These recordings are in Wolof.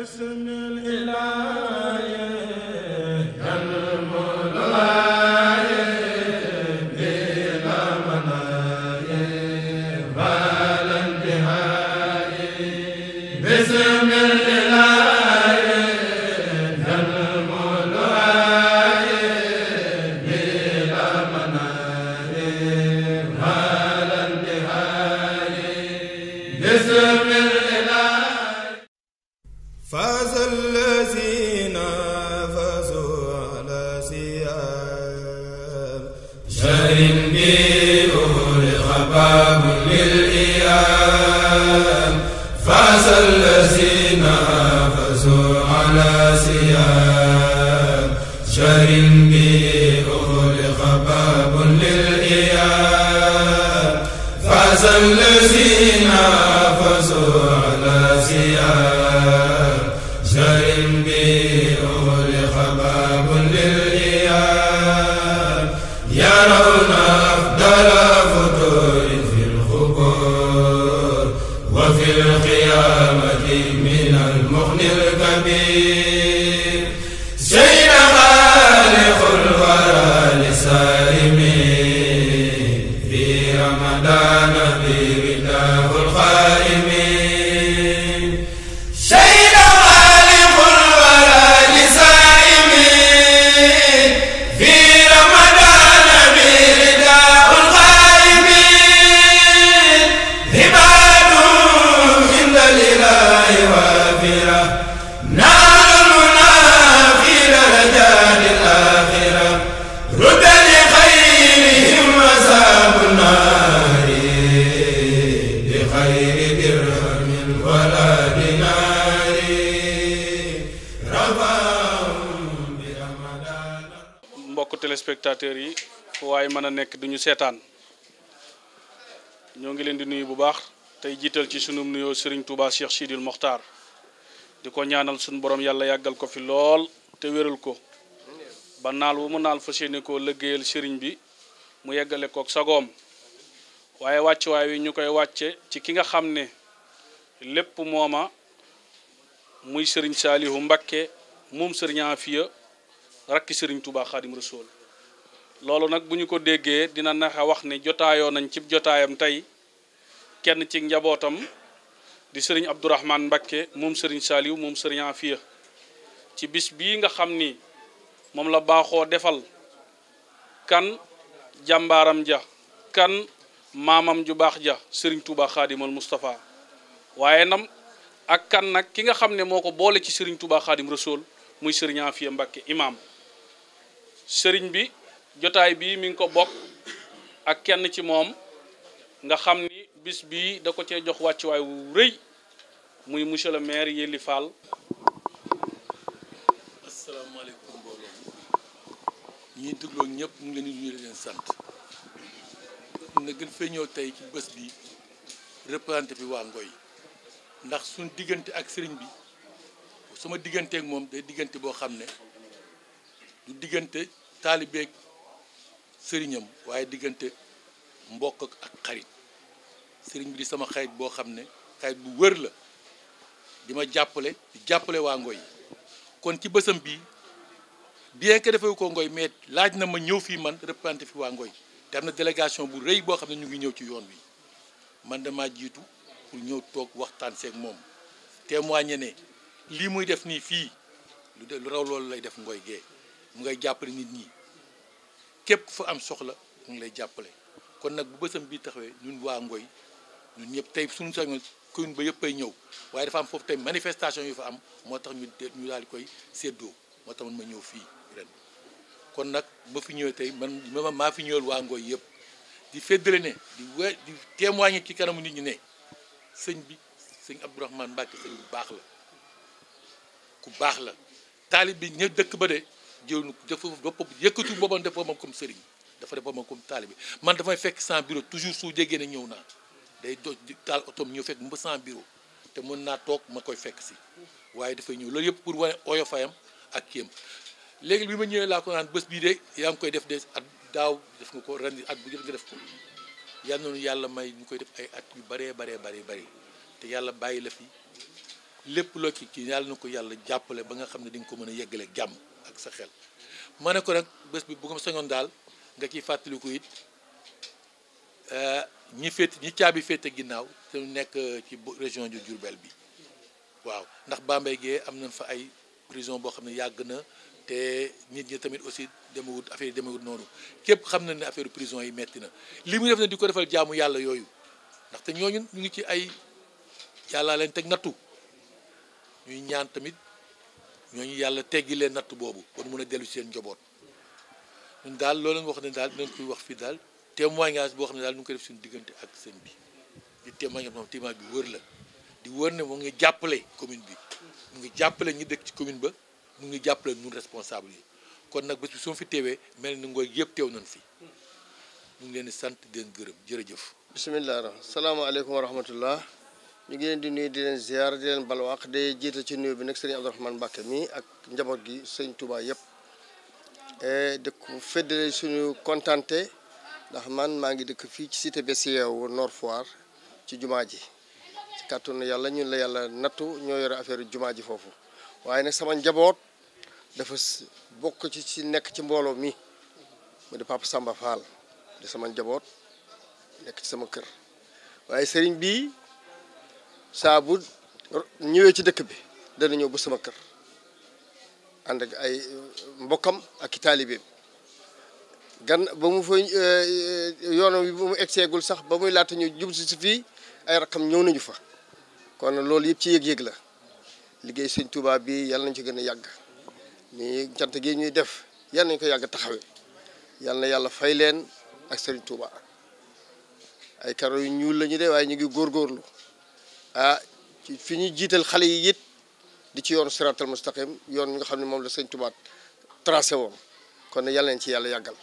باسم الإله سلم بيئه لخباب للإيام فاز الذين فازوا على سيام شرم بيئه لخباب للإيام فاز nabi téléspectateurs yi fu waaye mën a nekk duñu seetaan ñoo ngi leen di nuyu bu baax tey jiital ci sunum nuyoo sëriñ Touba Cheikh Sidil Mokhtar di ko ñaanal suñu borom yàlla yàggal ko fi lool te wéral ko ba naal wu mu naal fa yéene koo liggéeyal sëriñ bi mu yeggale kook sagoom waaye wàcc waay wi ñu koy wàcce ci ki nga xam ne lépp mooma muy sëriñ Saalihu Mbakke moom sëriñaa Afiya rakki sëriñ Touba Xaadim Rasool loolu nag buñu ko déggee dina naxa wax ni jotaayoo nañ cib jotaayam tey kenn ci njabootam di sëriñ Abdourahmane Mbakke moom sëriñ saaliw moom sëriñ Afia ci bis bii nga xam ni moom la baaxoo defal kan jàmbaaram ja kan maamam ju baax ja sëriñ Touba Xaadimal Moustapha waaye nam ak kan nag ki nga xam ne moo ko boole ci sëriñ Touba Xaadim Rasool muy sëriñ Afia Mbakke imaam sëriñ bi. jotaay bii mi ngi ko bokk ak kenn ci moom nga xam ni bis bii da ko cee jox wàccuwaay wu rëy muy monsieur le maire Yelli Fall. asalaamaaleykum mbooloo mi ñuy dégloo ñëpp ñu ngi leen di nuyu leen sant na gën fee ñëw tey ci bés bi représenté bi waa Ngoy ndax suñ diggante ak sëriñ bi suma digganteek moom day diggante boo xam ne du diggante taalibeek sëriñam waaye diggante mbokk ak xarit sëriñ bi di sama xarit boo xam ne xarit bu wër la di ma jàppale di jàppale waa Ngoy kon ci bësam bii bien que defewu ko Ngoy mais laaj na ma ñëw fii man représenté fi waa Ngoy te am na délégation bu rëy boo xam ne ñu ngi ñëw ci yoon wi man dama jiitu pour ñëw toog waxtaan seeg moom témoigné ne lii muy def nii fii lu de lu raw loolu lay def Ngoy gee mu ngay jàppale nit ñi képp ku am soxla mu ngi lay jàppale kon nag bu bësam bii taxawee ñun waa Ngoy ñun ñëpp tey suñu sañoon commune ba yëpp ay ñëw waaye dafa foofu tey manifestation yu fa am moo tax ñu ñu daal di koy séddoo moo tax man ma ñëw fii ren nag ma fi ñëwee tey man ma maa fi ñëwal waa Ngoy yëpp di féddale ne di we di ci kanamu nit ñi ne sëñ bi sëñ Abdourahmane Mbacke sëñ bu baax la ku baax la taalib bi ñëpp dëkk ba de jëluñu def boppam yëkkatu boppam def boppam comme sëriñ dafa def boppam comme taalibe man damay fekk sans bureau toujours su déggee ne ñëw naa day do taal otoom ñëw fekk mu ba bureau te mën naa toog ma koy fekk si waaye dafay ñëw loolu yëpp pour wane oyofayam ak kéem léegi bi ma ñëwee laa ko naan bés bii de yaa ngi koy def de at daaw def nga ko ren at bu jot nga def ko yal noonu yàlla may ñu koy def ay at yu baree baree baree bëri te yàlla bàyyi la fi lépp loo ci kii yàlla na ko yàlla jàppale ba nga xam ne di ko mën a yeggale jàmm ak sa xel ma ne ko nag bés bi bu ko sañoon daal nga ciy fàttaliku it eh, ñi féet ñi caabi féete ginnaaw te nekk eh, ci région ju Diourbel bi waaw ndax Bambey am nañ fa ay prison boo xam ne yàgg na te nit ñi tamit aussi demewut affaire yi demewut noonu képp xam na ne affaire prison yi metti na li muy def na di ko defal jaamu yàlla yooyu ndaxte ñooñu ñu ngi ci ay yàlla leen teg nattu ñuy ñaan tamit ñooñu yàlla teggi leen natt boobu kon mun a dellu seen njaboot ñun daal loolu nga wax ne daal dinañ koy wax fii daal témoignage boo xam ne daal ñu ngi ko def suñu diggante ak sëñ bi di témoignage moom témoignage bi wër la di wër ne mu ngi jàppale commune bi mu ngi jàppale ñi dëkk ci commune ba mu ngi jàppale ñun responsable yi kon nag bés bi soo fi teewee mel ni ngooy yëpp teew nañ fi mu ngi leen di sant di leen gërëm jërëjëf bisimilah salaamaaleykum wa rahmatullah ñu ngi leen di nuyu di leen ziar di leen balwaax day jiital ci nuyu bi nag sëriñ Abdourahmane Mbacke mi ak njaboot gi sëriñ Touba yëpp eh, di ko suñu kontante ndax man maa ngi dëkk fii ci cité BCEAO Nord Foire ci jumaa ji ci na yàlla ñu la yàlla nattu ñoo yore affaire jumaa ji foofu waaye nag sama njaboot dafa bokk ci ci nekk ci mbooloo mi mu di Papa Samba Fall di sama njaboot nekk ci sama kër waaye sëriñ bi saabu bu ci dëkk bi dana ñëw ba sama kër ànd ay uh, mbokkam ak i taalibeem gan ba mu fa uh, uh, yoonam bi ba mu egseegul sax ba muy laata ñu jub si fii ay rakam ñëw nañu fa kon loolu yëpp ci yëg-yëg la liggéey sëñ Tuubaa bi yàlla nañu ci gën a yàgg nii cant gi ñuy def yàlla nañu ko yàgg taxawee yàlla na yàlla fay leen ak sëriñ Tuubaa ay karo yu ñuul la de waaye ñu ngi góor góorlu ah ci fi ñu jiital xale yi it di ci yoonu siratal mustaqim yoon mi nga xam ne moom la sëñ Tuubaa tracé woon kon ne yàlla nañ ci yàlla yàggal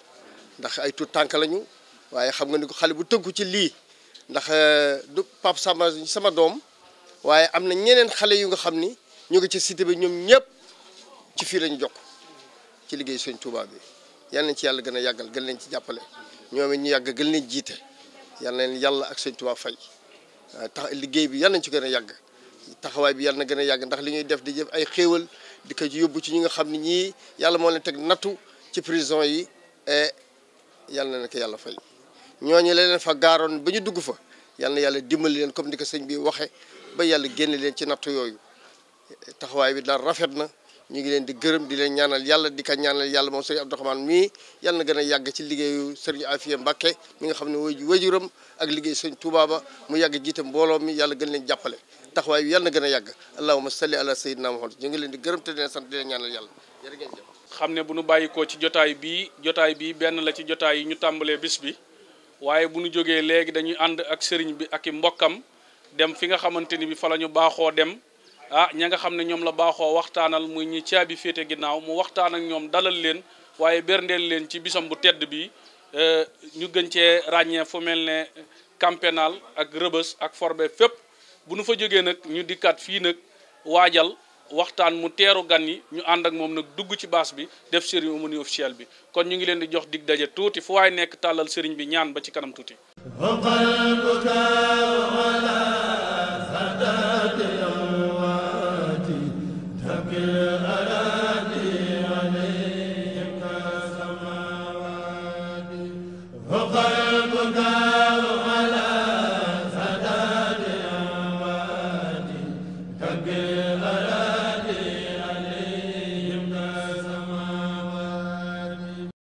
ndax ay tuut tànk lañu waaye xam nga ni ko xale bu tënku ci lii ndax eh, du Pape Samba sama doom waaye am na ñeneen xale yu nga xam ni ñu ngi ci cité bi ñoom ñëpp ci fii lañu jokk ci liggéey sëñ Tuubaa bi yàlla nañ ci yàlla gën a yàggal gën leen ci jàppale ñoom it ñu yàgg gën leen jiite yàlla leen yàlla ak sëñ Tuubaa fay Euh, tax liggéey bi yan nañ ci gën a yàgg taxawaay bi yal na gën a yàgg ndax li ñuy def di jëf ay xéewal di ko yóbbu ci ñi nga xam ne ñii yàlla moo leen teg nattu ci prison yi et yal na ko yàlla fay. ñooñu leen fa gaaroon ba ñu dugg fa yal yàlla dimbali leen comme ni ko sëñ bi waxe ba yàlla génn leen ci nattu yooyu taxawaay bi daal rafet na. ñu ngi leen di gërëm di leen ñaanal yàlla di ko ñaanal yàlla moom sëriñ Abdourahmane mii yàlla na gën a yàgg ci liggéeyu sëriñ Afiya Mbàkke mi nga xam ne waju wajuram ak liggéey sëriñ Tuubaa ba mu yàgg jiite mbooloo mi yàlla gën leen jàppale taxawaay bi yàlla na gën a yàgg allahumma salli ala sayyidina Muhammad ñu ngi leen di gërëm te di leen sant di leen ñaanal yàlla xam ne bu ñu bàyyikoo ci jotaay bii jotaay bii benn la ci jotaay yi ñu tàmbalee bis bi waaye bu ñu jógee léegi dañuy ànd ak sëriñ bi ak i mbokkam dem fi nga xamante ni bi fa la ñu baaxoo dem ah ña nga xam ne ñoom la baaxoo waxtaanal muy ñi caabi féete ginnaaw mu waxtaan ak ñoom dalal leen waaye berndeel leen ci bisam bu tedd bi eh, ñu gën cee ràññee fu mel ne ak Rebeuss ak forbe fépp bu nu fa jógee nag ñu dikkaat fii nag waajal waxtaan mu teeru gan yi ñu ànd ak moom nag dugg ci baas bi def mu cérémonie officielle bi kon ñu ngi leen di jox dig daje tuuti fu waay nekk tàllal sëriñ bi ñaan ba ci kanam tuuti